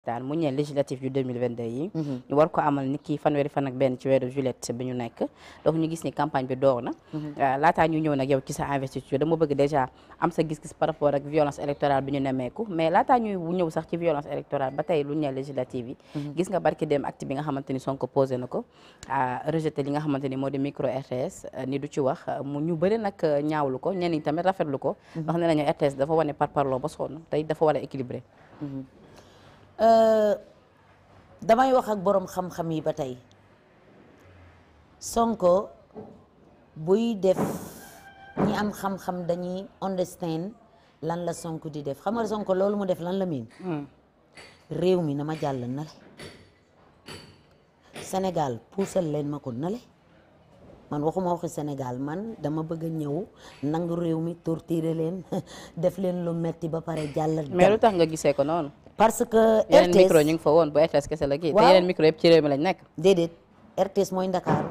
daan mu ñeel législative yu 2022 yi mhm. ñu war ko amal nit ki fanweeri fan ak benn ci weeru juillet bi ñu nekk donc ñu gis ni campagne bi door na mhm. euh, laataa ñu ñëw nag yow ci sa investiture dama bëgg déjà am sa gis-gis par rapport ak violence électorale bi ñu nemmeeku mais laataa ñuy ñëw sax ci violence électorale ba tey lu ñeel législative yi mhm. gis nga barki dem acte bi nga xamante ni Sonko posé na ko rejeté li nga xamante ni moo di micro RTS euh, ni du ci wax mu ñu bëri nag euh, ñaawlu ko ñenn ñi tamit rafetlu ko wax ne nañu RTS dafa wane par parloo a équilibré Euh, damay wax ak boroom xam-xam yi ba tey Sonko buy def ñi am xam-xam dañuy understand lan la sonk di def xam Sonko loolu mu def lan la miin hmm. réew mi na ma jàll na senegal Sénégal puusal leen ma ko nale man waxuma waxi senegal man dama bëgg ñëw nangu réew mi torturer leen def leen lu metti ba pare jàll. mais lu tax nga gisee ko noonu. parce que RTS yeneen micro ñu ngi woon bu kese la kii. waaw te yeneen micro yëpp ci réew mi lañ nekk. déedéet RTS mooy Ndakaaru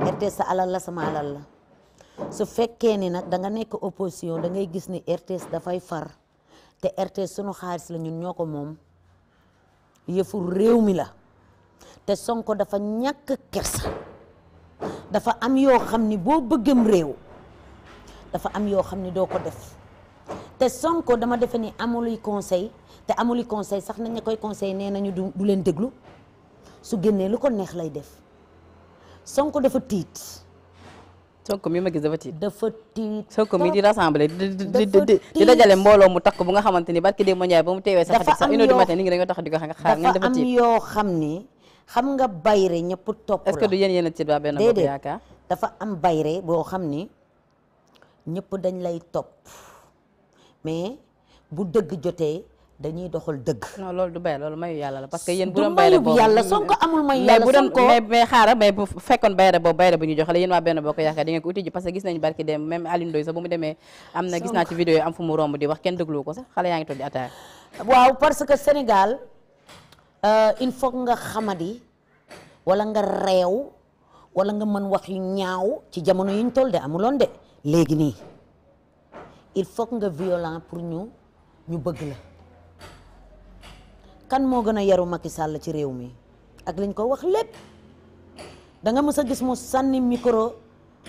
RTS sa alal la sama alal la su fekkee ni nag danga nga nekk opposition da ngay gis ni RTS dafay far te RTS sunu xaalis la ñun ñoo ko moom yëfu réew mi la te Sonko dafa ñàkk kersa dafa am yoo xam ni boo bëggam réew dafa am yoo xam ni doo ko def te Sonko dama defe ni amuluy conseil. te amul amuli conseil sax nañ ne koy conseil nee nañu du du leen déglu su génnee lu ko neex lay def Sonko dafa tiit. Sonko mi ma gis dafa tiit dafa tiit. Sonko mi di rassembler di di di di dajale mbooloo mu takk bu nga xamante ni barki démb Ndiaye ba mu teewee. sax sax une heure du matin ni di ko xaar ngeen dafa am yoo xam ni. xam nga bayre ñëpp topp la est-ce que du yéen yéen a tiit ba benn bopp yaakaar dafa am bayre boo xam ni ñépp dañ lay topp mais bu dëgg jotee. dañuy doxal dëgg. non loolu du bay loolu mayu yàlla la parce que yéen bu doon bayre boobu yàlla Sonko amul mayu yàlla Sonko mais bu doon mais xaaral mais bu fekkoon bayre boobu bayre bu ñu joxale waa benn boo ko yaakaar di ngeen ko uti ji parce que gis nañu barki dem même Alioune Ndoye sax mu demee am na gis naa ci vidéo yi am fu mu romb di wax kenn déglu ko sax xale yaa ngi euh, il faut nga xamadi wala nga réew wala nga mën wax yu ñaaw ci jamono yuñ toll de amuloon de léegi nii il faut nga violent pour ñu ñu bëgg kan moo gën a yaru Macky Sall ci réew mi ak lañ ko wax lépp da nga mës a gis mu sànni micro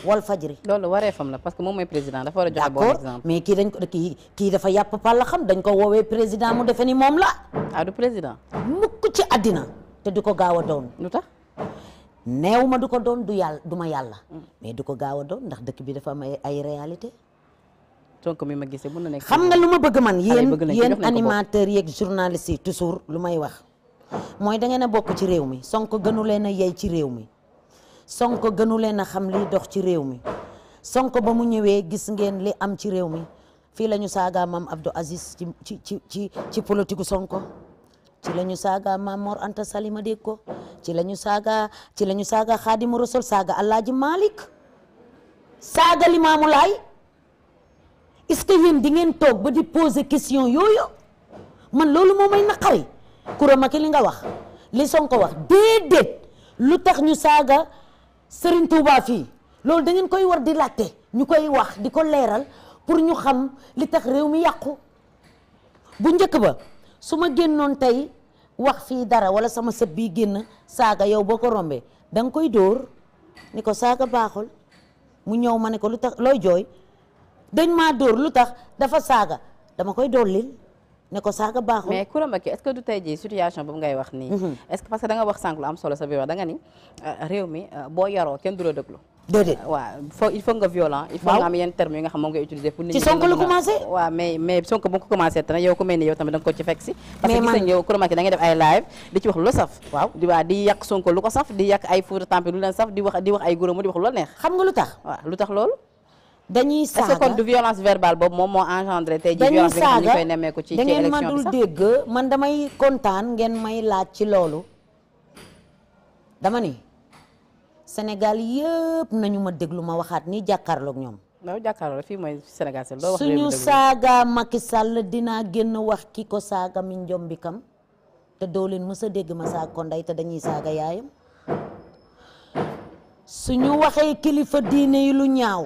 Walfadjri. loolu waree wareefam la parce que moom mooy président dafa war a joxe bon exemple mais kii dañ ko kii kii dafa yàpp pàlla xam dañ ko woowee président mu defe ni moom la. ah du président. mukk ci àddina te du ko gaaw a doon. lu tax neew ma du ko doon du yàlla du ma yàlla. Mm. mais du ko gaaw a doon ndax dëkk bi dafa am ay réalité donc mi ma gisee mën na nekk. xam nga lu ma bëgg man yéen yéen animateurs yeeg journalistes toujours lu may wax mooy da ngeen bokk ci réew mi Sonko gënu leen a yey ci réew mi Sonko gënu leen a xam liy dox ci réew mi Sonko ba mu ñëwee gis ngeen li am ci réew mi fii la ñu saaga mam Abdou Aziz ci ci ci ci ci politique Sonko ci la ñu saaga maam Mor Anta Sali ma dégg ko ci la ñu saaga ci la ñu saaga Xaadimu Rasul saaga Alaaji Malik saaga Limaamu Laay est-ce que yéen di ngeen toog ba di poser question yooyu man loolu moo may naqari Coura Macky li nga wax li ko wax déedéet lu tax ñu saaga sëriñ Touba fii loolu da ngeen koy war di laajte ñu koy wax di ko leeral pour ñu xam li tax réew mi yàqu bu njëkk ba su ma génnoon tey wax fii dara wala sama sët bii génn saaga yow boo ko rombee da nga koy dóor ni ko saaga baaxul mu ñëw ma ne ko lu tax looy jooy dañ maa dóor lu tax dafa saaga dama koy dollil ne ko saaga baaxul. mais Coura Mbacké est-ce que du tey jii situation boobu ngay wax nii. Mhm. est-ce que parce que da nga wax sànq lu am solo sa biir wax da nga ni euh, réew mi euh, boo yaroo kenn du la déglu. déedéet euh, waaw faut il faut nga violent il faut nga am yenn termes yi nga xam moom nga utiliser pour nit ñi ci Sonko la commencé waaw mais mais Sonko bu nga ko commencé te nag yow ku mel ni yow tamit da nga ko ci fekk si parce que gis nañ yow Coura Mbacké da ngay def ay live di ci wax lu la saf waaw di waa di yàq Sonko lu ko saf di yàq ay Fouta Tampi lu leen saf di wax di wax ay Gora Mbodj di wax lu la neex xam nga lu tax waaw lu tax loolu dañuy saaga est-ce que moom moo engendré tey koy nemmeeku ci ci élection bi sax ma dul dégg man damay kontaan ngeen may laaj ci loolu dama ni Sénégal yëpp nañu ma déglu ma waxaat ni jàkkarlook ñoom. waaw jàkkaarloo fii mooy Sénégal suñu saaga Macky Sall dinaa génn wax ki ko saaga mi njombikam te doo leen mësa dégg ma saaga ko ndey te dañuy saaga yaayam suñu waxee kilifa diine yi lu ñaaw.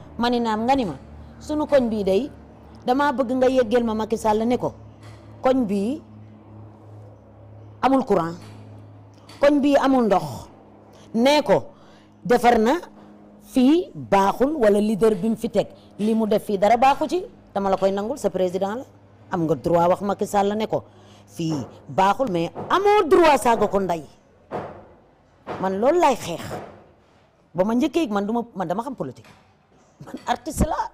ma ni naam nga ni ma sunu koñ bii day damaa bëgg nga yeggeel ma Macky Sall ne ko koñ bii amul courant koñ bii amul ndox ne ko defar na fii baaxul wala leader bi mu fi teg li mu def fii dara baaxu ci dama la koy nangul sa président la am nga droit wax Macky Sall ne ko fii baaxul mais amoo droit saaga ko ndey man loolu laay xeex ba ma njëkkee man duma man dama xam politique man artiste la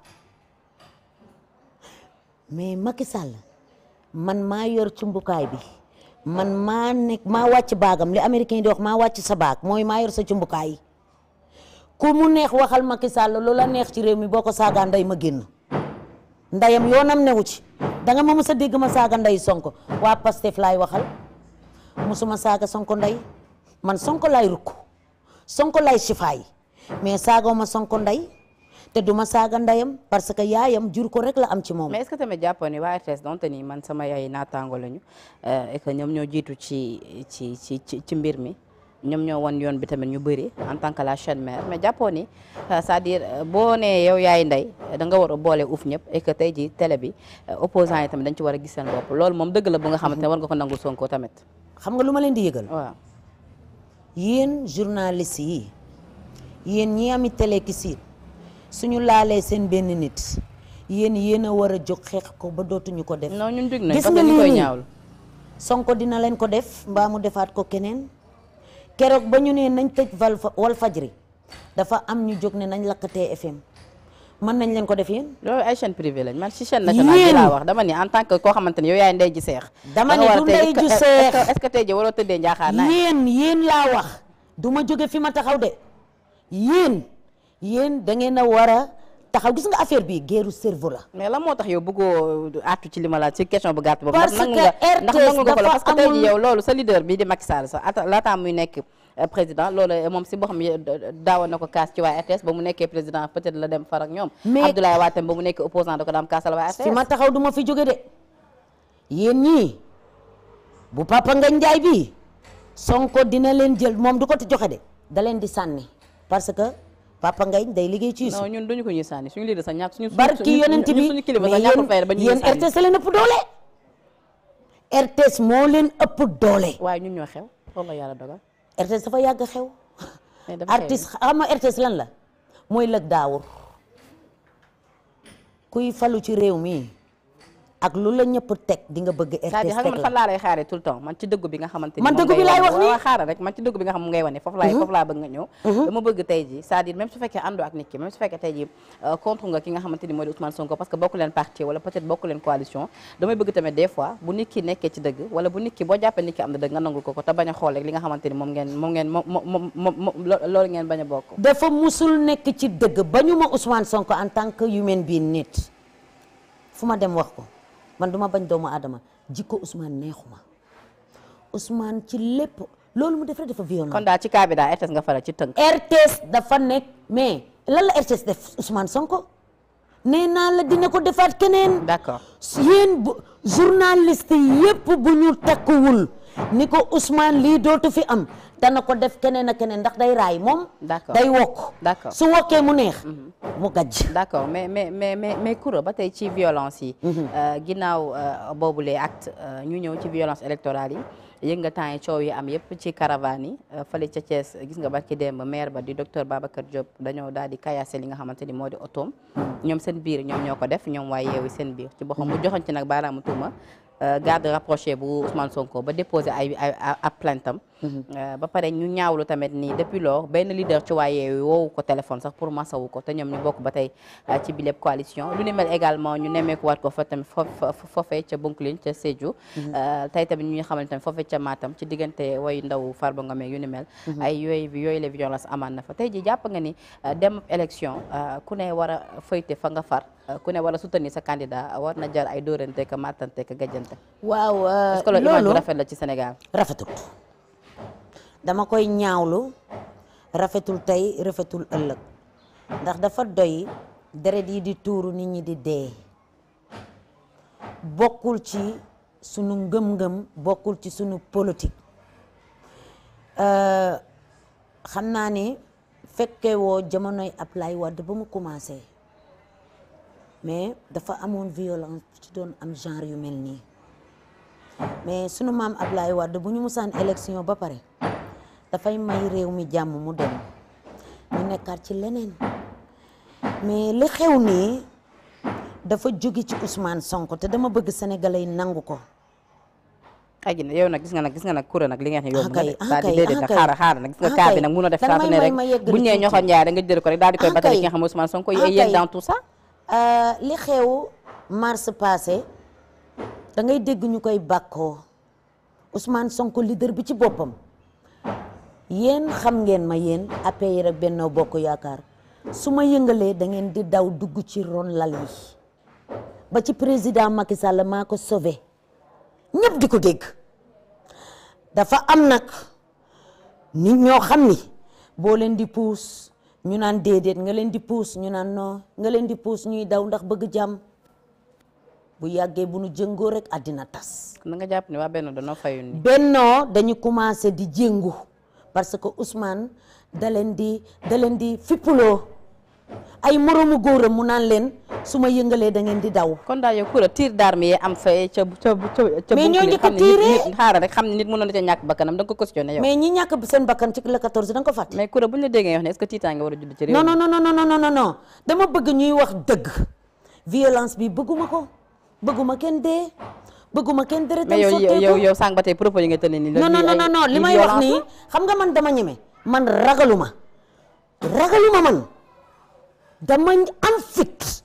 mais Macky Sall man maa yor cumbukaay bi man maa nekk maa wàcc baagam li américain di wax maa wàcc sa baag mooy maa yor sa cumbukaay ku mu neex waxal Macky Sall loola neex ci réew mi boo ko saagaa nday ma génn ndayam yoonam newu ci danga ma mës a dégg ma saaga ndey Sonko waa Pastef laay waxal musuma saaga Sonko ndey man sonk lay rukk Sonko laay sifaay mais saagoo ma Sonko nday te du ma saaga ndeyam parce que yaayam jur ko rek la am ci moom. mais est-ce que tamit jàppoon ni waa RTS donte ni man sama yaay naataango lañu euh, et que ñoom ñoo jiitu ci ci ci ci mbir mi ñoom ñoo wan yoon bi tamit ñu bëri en tant que la chaîne mère ni euh, cest à euh, boo nee yow yaay ndey da nga war a boole uuf ñëpp et que tey ji tele bi opposant yi tamit dañ ci war a gis bopp loolu moom dëgg la bu nga xamante ne war nga ko nangu Sonko tamit. xam nga lu ma leen di yëgal. waaw yéen journaliste yi yéen ñi suñu laalee seen benn nit yéen yéen a war a jóg xeex ko ba dootuñu ko def. non ñun jóg nañ parce que ñu koy ñaawlu Sonko dina leen ko def mbaa mu defaat ko keneen keroog ba ñu ne nañ tëj Walfadjri dafa am ñu jóg ne nañ lakk TFM mën nañ leen ko def yéen. loolu ay chaîne privée man si chaîne nationale bi laa wax dama ni en tant que koo xamante ni yow yaay ndey ji seex. dama ne du ndey ju seex est-ce que tey jii waroo tëddee yéen yéen laa wax du ma jóge fi ma taxaw de yéen. yéen da ngeen war a taxaw gis nga affaire bi guerre cerveau la. mais la moo tax yow bëggoo àttu ci li ma la ci question bu gàtt boobu. parce que RTS ndax nangu loolu sa leader bi di Macky Sall sax laataa muy nekk. Euh, président loolu euh, moom si boo xam ne daawoon na ko kaas ci waa RTS ba mu nekkee président peut-être la dem far ak ñoom. mais Abdoulaye Wade ba mu nekkee opposant da ko daam kaasal waa RTS. fi ma taxaw du ma fi jóge de yéen ñii bu Papa nga Njaay bi Sonko dina leen jël moom du ko joxe de da leen di sànni parce que. papa ngay day liggéey ci Youssou. non ñun duñu ko ñuy sànni suñu leader sax ñàkk suñu. barki yonent bi suñu kilifa sax ñàkk fayda ba leen ëpp doole. RTS moo leen doole. waaye ñun ñoo xew loolu la yàlla dogal. RTS dafa yàgg xew. artiste xam nga RTS lan la. mooy lëg daawur. kuy falu ci réew mi. ak lu la ñëpp teg di nga bëgg RTS teg la man ci dëgg bi nga xamante ni man dëgg bi laay wax nii xaaral rek man ci dëgg bi nga xam mu ngay wane foofu mhm. mhm. tey ji c'est-à-dire su fekkee àndoo ak nit a xool rek li nga xamante ni moom ngeen moom ngeen moom moom loolu ngeen bañ a bokk dafa musul nekk ci dëgg ba ñu ma Ousmane Sonko en tant que human being nit fu ma dem wax ko man duma bañ doomu aadama jikko Ousmane neexuma Ousmane ci lépp loolu mu def rek dafa kon daal ci kaa bi daal RTS nga faral ci tënk. RTS dafa nekk mais lan la RTS def Ousmane Sonko nee naa la dina ko defaat keneen. d'accord yéen bu journaliste yépp bu ñu takkuwul. ni ko Ousmane lii dootu fi am dana ko def keneen ak keneen ndax day raay moom. d'accord day wokk. d'accord su wokkee mu neex. Mhm. mu gàjj. d'accord mais mais mais mais mais Coura ba tey ci violence yi. Mhm. Euh, ginnaaw euh, boobule acte euh, ñu ñëw ci violence électorale yi. yëg nga temps yi coow yi am yëpp ci caravane yi fële ca Thiès gis nga barki démb maire ba di docteur Babacar Diop dañoo daal di kayase li nga xamante ni moo di otoom ñoom seen biir ñoom ñoo ko def ñoom waa yeewi seen biir ci boppam mu joxoon ci nag baaraamu tuuma Euh, garde rapproché bu Ousmane Sonko ba déposé ay ay ab plaintam Euh, ba pare ñu ñaawlu tamit ni depuis lors benn leader ci waaye Yewwi woowu ko téléphone sax pour masawu ko te ñoom ñu bokk ba tey euh, ci bileb coalition lu ni mel également ñu nemmeekuwaat ko fa tamit foofee ca Bounkiling ca Sédhiou mhm. euh, tey tamit ñu xamante tamit foofee ca Matam ci diggante wayu ndaw Farba Ngom yu ni mhm. ay yooyu yooyu la violence amaan na fa tey ji jàpp nga ni dem élection ku ne war a fëyte fa nga far ku ne war a soutenir sa candidat war na jar ay dóorante ka màttante ka gajjante waaw loolu rafet la ci Sénégal rafetul dama koy ñaawlu rafetul tey rafetul ëllëg ndax dafa doy deret yi di tuuru nit ñi di dee bokkul ci sunu ngëm-ngëm bokkul ci sunu politique euh, xam naa ni fekkewoo jamonoy Ablaye Wade bu mu commencé mais dafa amoon violence ci doon am genre yu mel nii mais sunu maam Ablaye Wade bu ñu musaan élection ba pare dafay may réew mi jàmm mu dem ñu nekkaat ci leneen mais li xew nii dafa jóge ci Ousmane Sonko te dama bëgg sénégalais nangu ko. aji na yow nag gis nga nag gis nga nag kuréel nag li nga xam ne yow ah, mu nga ah, def daal di déedéet nag ah, xaaral xaaral nag gis nga kaa bi nag a def saa su ne rek buñ nee ñoo xam njaay da nga jël ko rek daal di koy batale ki nga xam Ousmane Sonko yi yéen dans tout euh, li xew mars passé da dégg ñu koy bàkkoo Ousmane Sonko leader bi ci boppam yéen xam ngeen ma yéen APR ak Benno Bokk Yaakaar su ma yëngalee dangeen di daw dugg ci ron lal yi ba ci président Macky Sall maa ko sauvé ñëpp di ko dégg dafa am nag nit ñoo xam ni boo leen di puus ñu naan déedéet nga leen di puus ñu naan noo nga leen di puus ñuy daw ndax bëgg jàmm bu yàggee bu nu jëngoo rek àddina tas. na nga jàpp ne waa Benno dañoo fayu ni. dañu commencé di jëngu. parce que Ousmane da leen di da leen di fippuloo ay moroomu góoram mu naan leen su ma yëngalee da ngeen di daw. kon daal yow kuréel tiir d'arme yi am fa ca ca ca. mais ñoo njëkk a tiiree xaaral rek xam ne nit mënoon na ca ñàkk bakkanam da nga ko questionné da nga ko ne est-ce que tiitaange war a judd ci réew. non non non non dama bëgg ñuy wax dëgg violence bi bëgguma ko bëgguma kenn bëgguma kenn dërëtam sotteeku yow yow sànq ba tey propos yi nga tënne ni non non no non li may wax nii xam nga man dama ñeme man ragaluma ragaluma man dama am fit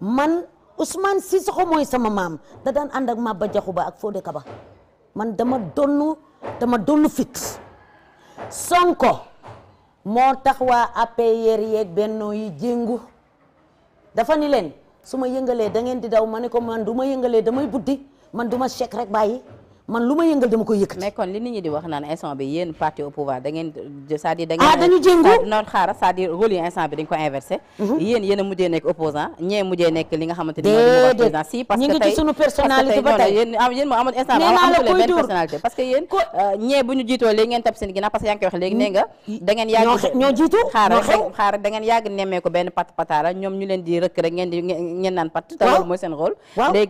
man Ousmane Cissokho mooy sama maam da daan ànd ak ba jaxu Ba ak Fodé Kaba man dama donnu dama donnu fit Sonko moo tax waa APR yeeg Benno yi jéngu dafa ni leen su ma yëngalee da ngeen di daw ma ne ko man du ma yëngalee damay buddi man du ma rek bàyyi man lu ma yëngal dama koy yëkkati. mais kon li nit ñi di wax naan instant bi yéen au pouvoir da ngeen c'est-à-dire da ah, ngeen ah dañu jéngu rôle yi instant ko inversé mhm. yéen yéen a mujjee nekk opposant ñee mujjee nekk li nga xamante di président si parce que tey ñu ngi ci suñu parce que yéen euh, ñee bu ñu jiitoo léegi ngeen topp seen ginnaaw parce que yaa ngi koy wax léegi ñoo jiitu xaaral xaaral da nemmee ko benn pat pataara ñoom ñu